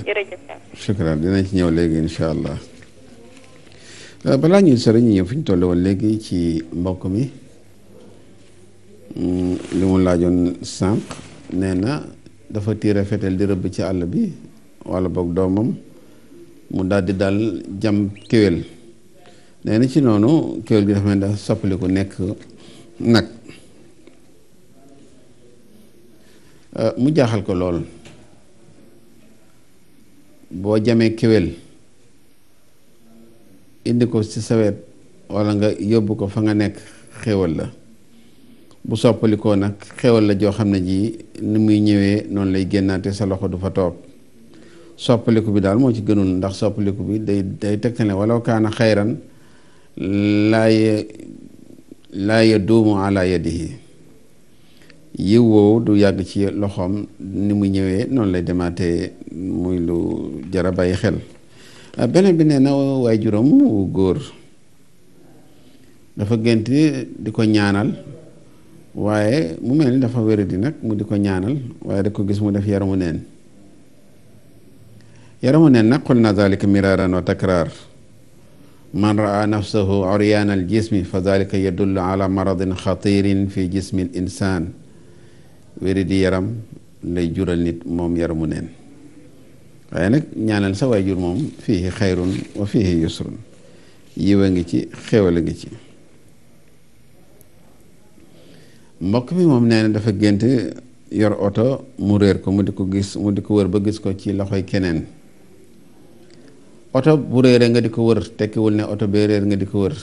yooyu dinañ ci ñëw léegi incha allah. Euh, balaa ñuy sori ñu ñëw fi ñu toll woon léegi ci mbokk mi mm, li mu laajoon sànq nee na dafa tiire fetel di rëbb ci àll bi wala boog doomam mu daldi dal jam kéwél nee ci noonu kéwél gi dafa mel dafa soppaliku nekk nag euh, mu jaaxal ko lool boo jamee kéwél indi ko ci sawet walla nga yóbbu ko fa nga nekk xéwél la bu soppalikoo nag xewal la joo xam ne ji ni muy ñëwee noonu lay génnaate sa loxo du fa toog soppaliku bi daal moo ci gënul ndax soppaliku bi day day tegtale walaw kaana xayran laa ye laa yaduumu ala yadihi yiw woowu du yàgg ci loxoom ni mu ñëwee noonu lay demaate muy lu jara bàyyi xel ah, beneen bi nee waaye juróom wu góor dafa gént di ko ñaanal waaye mu mel ni dafa wéradi nag mu di ko ñaanal waaye da ko gis mu def yaramu neen yaramu neen nag qul na zalika miraran wa takrar man raa nafsahu uryaana al fa zalika yadullu ala maradin fi jismi l insan yaram lay jural nit moom yaramu waaye nag ñaanal sa waajur moom fiihi xayrun wa fiihi yusrun yiw a ngi ci xéwal mbokk mi moom nee na dafa gént yor oto mu réer ko mu di ko gis mu di ko wër ba gis ko ci loxoy keneen oto bu réeree nga di ko wër tekkiwul ne oto bee réer nga di ko wër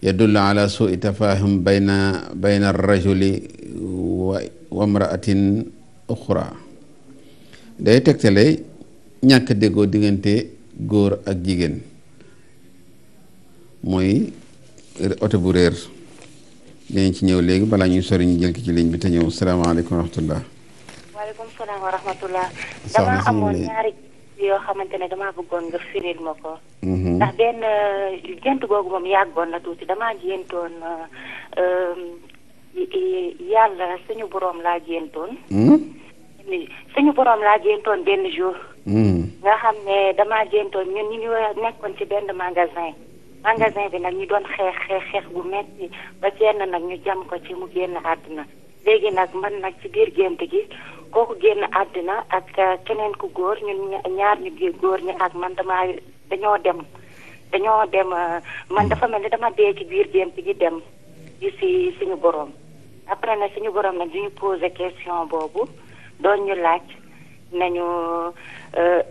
yadullu ala suui tafahum bayna bayna rajuli wa wa mraatin uxra day tegtale ñàkk déggoo diggante góor ak jigéen mooy oto bu réer dañu ci ñëw léegi balaa ñuy sori jël ki ci ligne bi te ñëw salaamaaleykum wa rahmatulah. waaleykum salaam wa rahmatulah. dama amoon ñaari yoo xamante ne damaa bëggoon nga firil ma ko. Mhm. ndax benn euh, gént googu moom yàggoon na tuuti damaa géntoon euh, euh, yàlla suñu boroom laa géntoon. Hmm? suñu boroom laa géntoon benn jour. Hmm. nga xam ne damaa géntoon ñun ñu nekkoon ci benn magasin. magasin bi nag ñu doon xeex xeex xeex bu metti ba génn nag ñu jam ko ci mu génn àddina léegi nag man nag ci biir gént gi kooku génn àddina ak euh, keneen ku góor ñun ñaar ñu góor ñi ak man damaa dañoo dem dañoo dem euh, man dafa mel ni dama dee ci biir gént gi dem yi si suñu borom après nag suñu borom nag duñu posé question boobu doon ñu laaj nañu euh,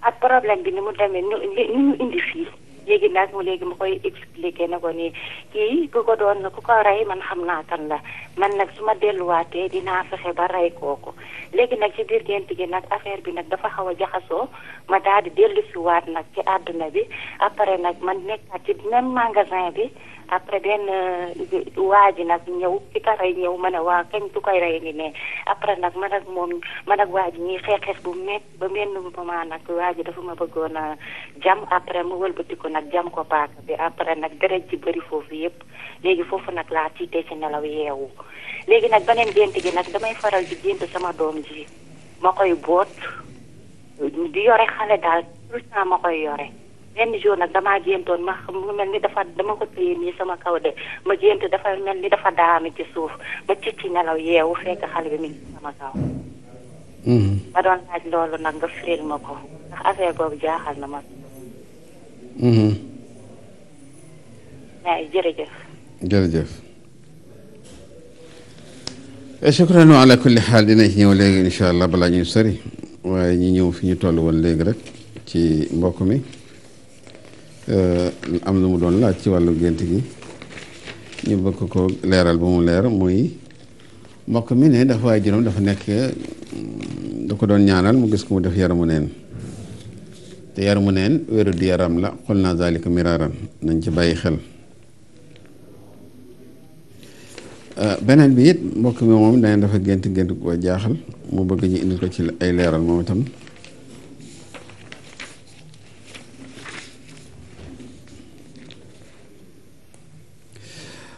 ak problème bi ni mu demee ni ñu indi fii léegi nag mu léegi ma koy expliqué na ko nii kii ku ko doon ku ko rey man xam naa kan la man nag su ma delluwaatee dinaa fexe ba rey kooku léegi nag ci biir gént gi nag affaire bi nag dafa xaw a jaxasoo ma daal di dellusiwaat nag ci àdduna bi après nag man nekkaat ci même magasin bi après benn euh, waa ji nag ñëw ci ka rey ñëw ma waa kañ du koy rey ni après nag man ak moom man ak waa ji ñuy xeex xeex bu mét ba benn ma nag waa ji dafa ma bëggoon a jam après mu wëlbati nag jam ko paaka bi après nag deret ci bëri foofu yépp léegi foofu nag laa tiitee ci nelaw yeewu léegi nag beneen gént gi nag damay faral di gént sama doom ji ma koy boot yore xale daal tout le ma koy yore benn jour nag dama jéemtoon ma mu mel ni dafa dama ko téye nii sama kaw de ma jéemt dafa mel ni dafa daanu ci suuf ba cicc nelaw yeewu fekk xale bi mi ngi sama kaw mm-hmm. ma doon laaj loolu nag nga firil ma ko ndax affaire boobu jaaxal na ma waaye mm-hmm. jërëjëf jërëjëf shukran ala kulli xaal dinañ ñëw léegi incha allah balaa ñuy sori waaye ñu ñëw fi ñu toll woon léegi rek ci mbokk mi eh, am lu mu doon laaj ci wàllu gént gi ñu bëgg ko leeral ba mu leer muy mbokk mi ne dafa waaye juróom dafa nekk da ko doon ñaanal mu gis ko mu def mu neen te yar mu neen wéeru du yaram la xol naa zalika miraaran nañ ci bàyyi xel Euh, beneen bi it mbokk mi moom danañ dafa gént gént ko jaaxal mu bëgg ñu indi ko ci ay leeral moom itam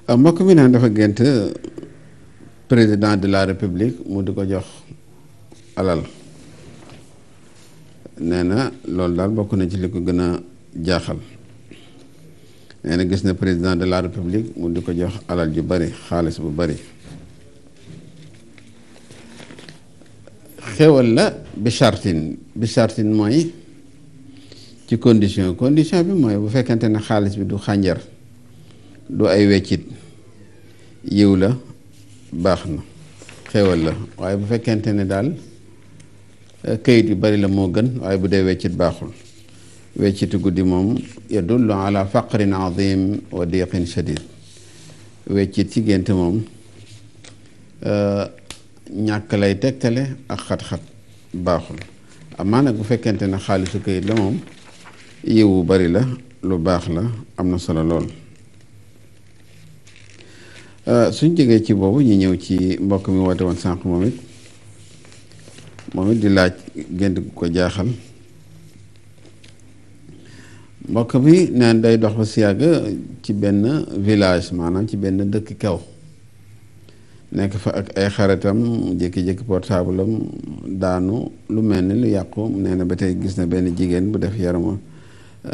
euh, mbokk mi naan dafa gént président de la république mu di ko jox alal nee na loolu daal bokk na ci li ko gën a jaaxal nee na gis na président de la république mu du ko jox alal ju bari xaalis bu bari xewal la bi chartin mooy ci condition condition bi mooy bu fekkente ne xaalis bi du xànjar du ay weccit yiw la baax na xewal la waaye bu fekkente ne daal eh, kayit yu bari la moo gën waaye bu dee weccit baaxul weccitu guddi moom yadullu ala faqrin azim wa diqin shadid weccit ci gént moom euh, ñàkk lay tegtale ak xat-xat baaxul amaa nag bu fekkente ne xaalisu kayit damoom moom yiwu bari la lu baax la am na solo lool euh, suñ jógee ci boobu ñu ñëw ci mbokk mi woote woon sànq moom it moom it di laaj gént ko jaaxal mbokk bi neen day dox ba si yàgg ci benn village maanaam ci benn dëkk kaw nekk fa ak ay xaritam jékki-jékki portable am daanu lu mel ni lu yàqu nee na ba tey gis na benn jigéen bu def yaram eh,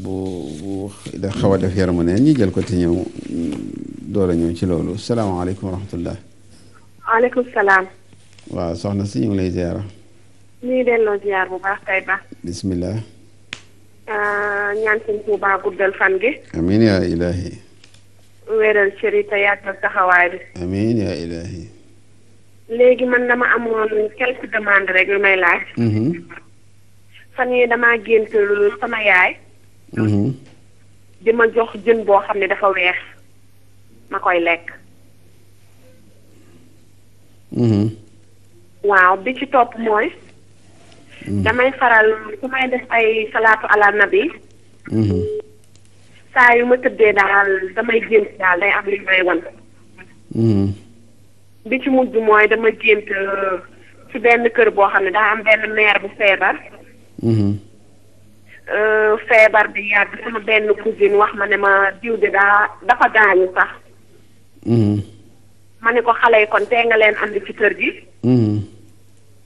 bu bu xaw a def yaramu neen ñi jël ko te ñëw door a ñëw ci loolu salaamaaleykum wa rahmatullah. waaleykum salaam. waaw soxna si ñu lay ziara. ñu ngi delloo bu baax kay baax. bismillah. Euh, ñaan sëñ Tuubaa guddal fan gi. amiin yaa ilaahi. wéeral cër yi te bi. amiin yaa ilaahi. léegi man dama amoon quelques demandes rek yu may laaj. Mhm. fan yii damaa gént sama yaay. Mhm. di ma jox jën boo xam ne dafa weex ma koy lekk. Mhm. waaw bi ci topp mooy. Mm-hmm. damay faral su may def ay salaatu na bi mm-hmm. saa yu ma tëddee daal damay gént daal day am li may wan. Mm-hmm. bi ci mujj mooy dama gént euh, ci benn kër boo xam ne daa am benn meer bu feebar. Euh, feebar bi yàgg sama benn cousine wax ma ne ma diw de daa dafa gaañu sax. ma ne ko xale yi kon tee nga leen andi ci kër gi.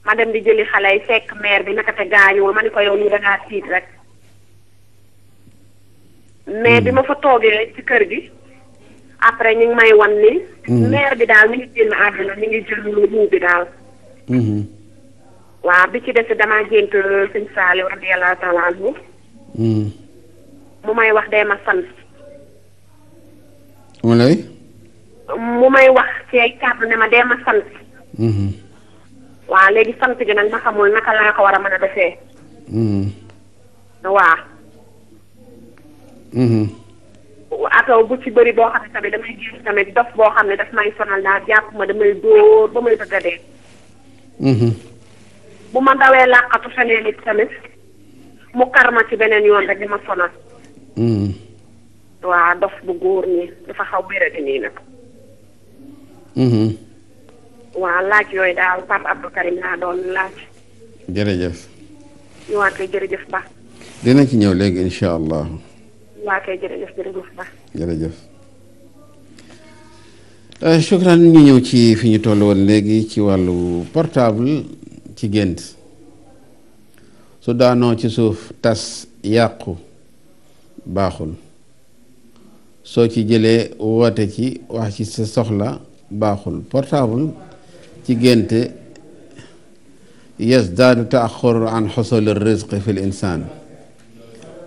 ma dem di jëli xale yi fekk maire bi naka te gaañuwul ma ni ko yow nii da ngaa tiit rek. mais bi ma fa toogee ci kër gi. après ñu ngi may wan ni. Mhm. maire bi daal mi ngi génn àdduna mi bi daal. Mhm. waaw bi ci des damaa gént sëñ Saliou radiyallahu mhm. mu may wax dee ma sant. mu lay. mu may wax ci ay kàddu ne ma dee ma sant. waaw léegi sant gi nag ma xamul naka laa ko war a mën a defee. Hmm. waa. Hmm. ataw bu ci bëri boo xam ne tamit damay gis tamit dof boo xam ne daf may sonal daal jàpp ma damay dóor ba may bëgg dee. Hmm. bu ma dawee làqatu feneen it tamit mu kar ma ci beneen yoon rek di ma sonal. waa dof bu góor nii dafa xaw wéradi nii nag. waa laaj yooyu daal Pape Abdou Karim laa doon laaj. jërëjëf. waa kay jërëjëf Ba. dina ci ñëw léegi incha allah. jërëjëf jërëjëf Ba. Euh, shukran ñu ñëw ci fi ñu toll woon léegi ci wàllu portable ci gént su daanoo ci suuf tas yàqu baaxul soo ci jëlee woote ci wax ci sa soxla baaxul portable ci génte yasdaadu taaxur an xosol rizq fi l insaan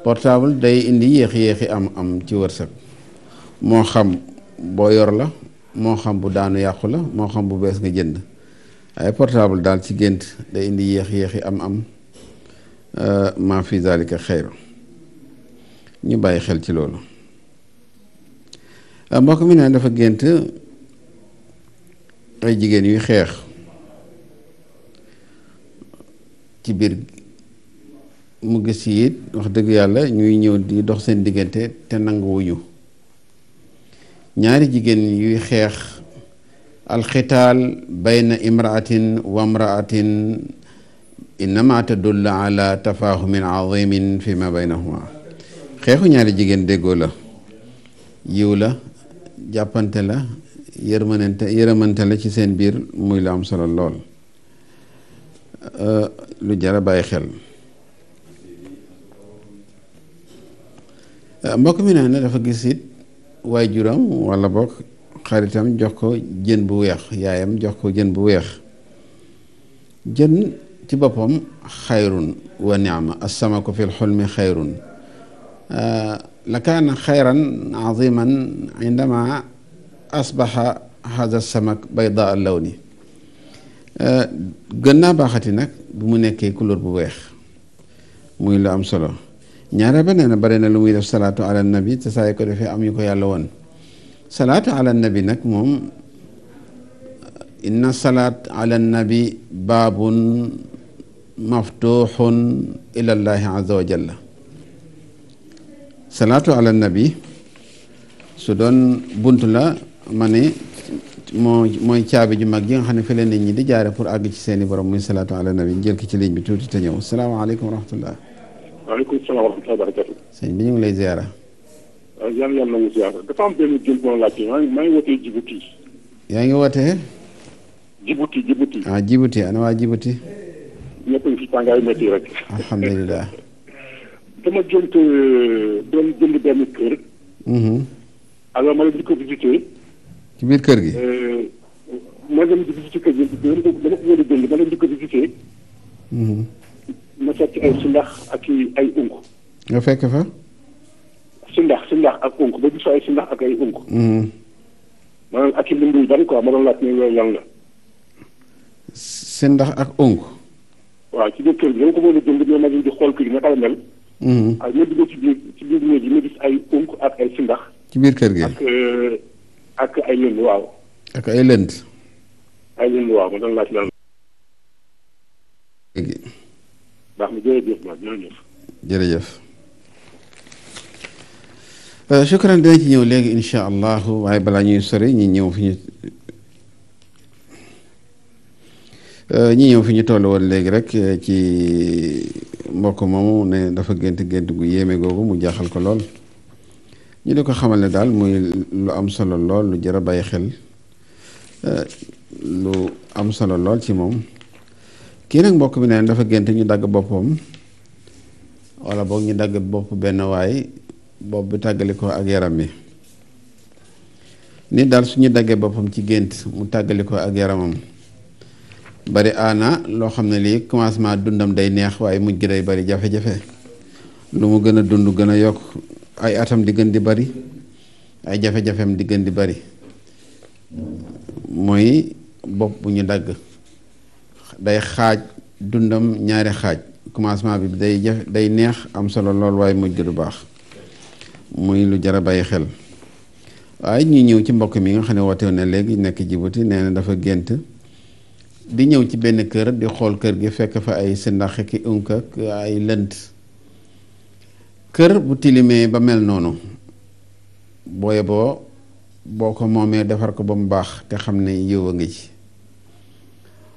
portable day indi yéexi-yéexi am am ci wërsëg moo xam boo yor la moo xam bu daanu yàqu la moo xam bu bees nga jënd ay portable daal ci gént day indi yéexi-yéexi am am euh, maa fi zalika xeyru ñu bàyyi xel ci loolu euh, mbokk mi ne dafa gént ay jigéen yuy xeex ci biir mu gis yi wax dëgg yàlla ñuy ñëw di dox seen diggante te nanguwuñu ñaari jigéen yuy xeex alxitaal bayna imraatin wa imraatin innama tadullu ala tafahumin azimin fi ma baynahuma xeexu ñaari jigéen déggoo la yiw la jàppante la yërmanante yërëmante la ci seen biir muy la am solo lool euh, lu jara bàyyi xel euh, mbokk mi nee na dafa gis it waajuram walla bokk xaritam jox ko jën bu weex yaayam jox ko jën bu weex jën ci boppam xayrun wa niama assamako fi lxulmi xayrun euh, la kaana xayran aziman indama asbaha hadha samak bayda al lawni gën naa baaxati nag bu mu nekkee couleur bu weex muy lu am solo ñaare ba nee na bare na lu muy def salaatu ala nabi te saa yu ko defee am yu ko yàlla woon salaatu ala nabi nag moom na salaat ala nabi baabun maftuxun ila llahi azza wa salaatu ala nabi su doon bunt la ma ne moo mooy caabi ju mag ji xam ne fi leen ñi di jaare pour àgg ci seeni borom muy salaatu ala nabi jël ko ci ligne bi tuuti te ñëw salaamaaleykum wa rahmatullah. waaleykum salaam ñu ngi lay ziara. Ah, ngi maa ngi wootee yaa ngi wootee. Djibouti Djibouti. ah Djibouti ana waa Djibouti. fi tàngaay métti rek. alhamdulilah. Euh, mm-hmm. ma ne ko visité. ci biir kër gi. Euh, ma dem di visité kër gi dama ko dama ko war a jënd ma dem di ko visité. Mhm. ma seet ay sindax ak i ay unk. nga fekk fa. sindax sindax ak unk ba gis ay sindax ak ay unk. Mhm. maanaam ak i limbi yu bari quoi ma doon laaj ne yooyu lan la. sindax ak unk. waaw ci biir kër gi dama ko war a jënd mais ma dem di xool kër gi naka la mel. Mhm. ak ma dugg ci biir ci biir néeg yi ma gis ay unk ak ay sindax. ci biir kër gi ak. Euh, ak ay jërëjëf ma euh, shukran dina ci ñëw léegi incha allah waaye balaa ñuy sori ñi ñëw fi ñu euh, ñi ñëw fi ñu toll woon léegi rek euh, ci mbokk moomu ne dafa gént gént gu yéeme googu mu jaaxal ko lool. ñu di ko xamal ne daal muy lu am solo lool lu jar a bàyyi xel eh, lu am solo lool ci moom kii nag mbokk bi neen dafa gént ñu dagg boppam wala boog ñu dagg bopp benn waay bopp bi tàggali ko ak yaram bi nit daal su ñu daggee boppam ci gént mu tàggali ko ak yaramam bari aana loo xam ne lii commencement dundam day neex waaye mujj gi day bari jafe-jafe lu mu gën a dund gën a yokk ay atam di di bari ay jafe-jafeem di di bari mooy bopp bu ñu dagg day xaaj dundam ñaari xaaj commencement bi day jafe day neex am solo lool waaye mujj lu baax muy lu jar a bàyyi xel waaye ñuy ñëw ci mbokk mi nga xam ne woote na léegi nekk Djibouti nee na dafa gént di ñëw ci benn kër di xool kër gi fekk fa ay sëndax ki unk ak ay lënt kër bu tilimee ba mel noonu booye boo boo ko moomee defar ko ba mu baax te xam ne yiw a ngi ci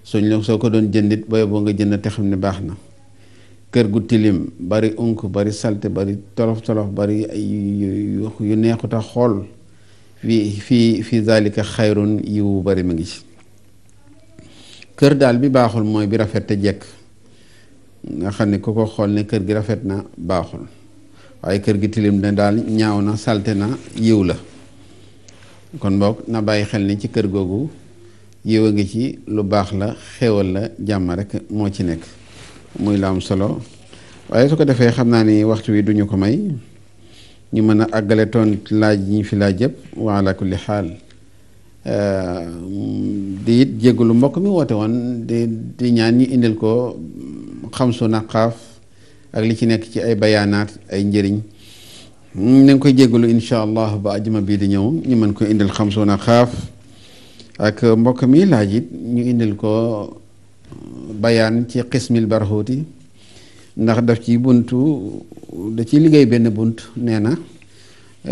suñ la soo ko doon jëndit booye boo nga jënd te xam ne baax na kër gu tilim bari unk bari salte bari tolof tolof bari yu neexut a xool fii fii fii zalika xayrun bu bari mu ngi ci kër daal bi baaxul mooy bi rafet te jekk nga xam ne ku ko xool ne kër gi rafet na baaxul waaye kër gi tilim ne daal ñaaw na salte na yiw la kon boog na bàyyi xel ni ci kër googu yiw a ngi ci lu baax la xéewal la jàmm rekk moo ci nekk muy la am solo waaye su ko defee xam naa ni waxtu wi duñu ko may ñu mën a àggale toon laaj ñi fi laaj yëpp wa ala kulli xaal ehm, di it jégalu mbokk mi woote woon di ñaan ñi indil ko xam su naqaaf ak li ci nekk ci ay bayaanaat ay njëriñ na nga koy jéggalu incha allah ba ajuma bii di ñëw ñu mën ko indil xamsuuna xaaf ak mbokk mi laaj ñu indil ko bayaan ci xismil barxuuti ndax def ci buntu da ci liggéey benn bunt nee na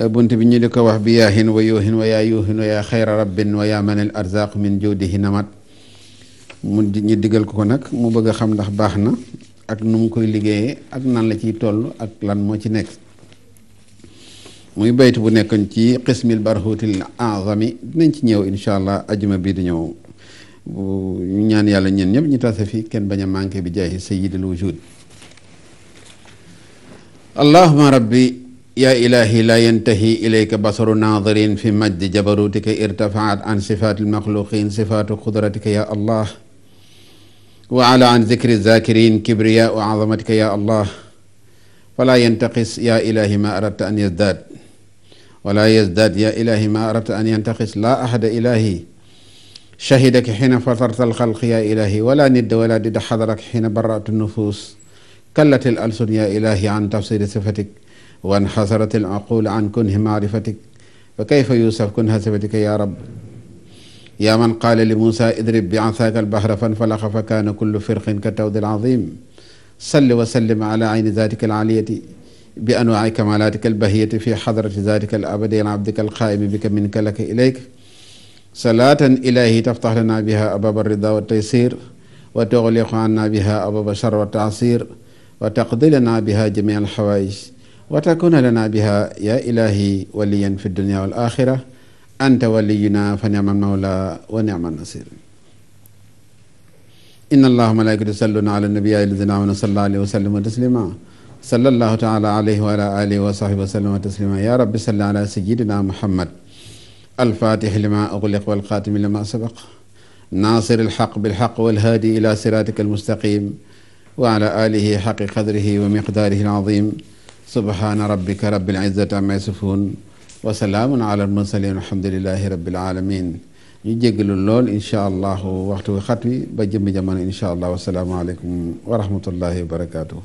bunt bi ñu di ko wax bi yaahin wa yoohin wa yaa yoohin wa yaa xayra rabbin wa yaa manel arzaq min jawdihi namat mu ñu diggal ko ko nag mu bëgg xam ndax baax na ak nu mu koy liggéeye ak nan la ciy toll ak lan moo ci nekk muy baytu bu nekkoon ci xismil barhutil azami dinañ ci ñëw incha allah ajuma bii di ñëw ñaan yàlla ñeen ñëpp ñu tase fi kenn bañ a manqué bi jaahi sayyidil wujud allahuma rabbi yaa ilahi la yantahi ilayka basaru naadirin fi majdi jabarutika irtafaat an sifaati almaxluqin sifaatu qudratika ya allah wa ala an zikri zakirin kibriya wa azamatika ya allah fala yantaqis ya ilahi ma aradta an yazdaad wala yazdaad ya ilahi ma aradta an yantaqis la ahada ilahi shahidaka xiina fatarta alxalq ya ilahi wala nidda wala didda xadarak xiina baratu nufus kallatil alsun ya ilahi an tafsiri sifatik wa anxasaratil aqul an kunhi maarifatik fa kayfa yusaf kun hasabatika ya rab yaa man qaala li Muusaa idrib bi asaaka albahra fanfalaqa fa kaana kullu firqin ka tawdi alazim salli wa sallim ala ayni zaatika alaliyati bi anwaai kamalatika albahiyati fi xadrati zaatika alabadi an abdika alqaaimi bika minka laka ilayk salaatan ilaahi taftax lana biha ababa rida wa taysir wa tuxliqu anna biha ababa shar wa taasir wa taqdi lana biha jamia alxawaij wa takuna lana biha yaa ilaahi waliyan fi dunia wal axira anta waliyuna fa ni'mal mawla wa ni'mal nasir inna allaha malaikatu yusalluna ala nabiyyi alladhina amanu sallallahu alayhi wa sallimu taslima sallallahu ta'ala alayhi wa ala alihi wa sahbihi wa sallama taslima ya rabbi salli ala sayyidina muhammad الفاتح لما أغلق والخاتم لما سبق ناصر الحق بالحق والهادي إلى صراطك المستقيم وعلى آله حق قدره ومقداره العظيم سبحان ربك رب العزة عما يصفون wa salaamun ala al mursalin alhamdulilahi rabbil alamin ñu jéggalu lool incha allahu waxtu wi xat wi ba jëmmi jamono incha allah wasalaamualeykum wa rahmatullahi wa barakaatuhu.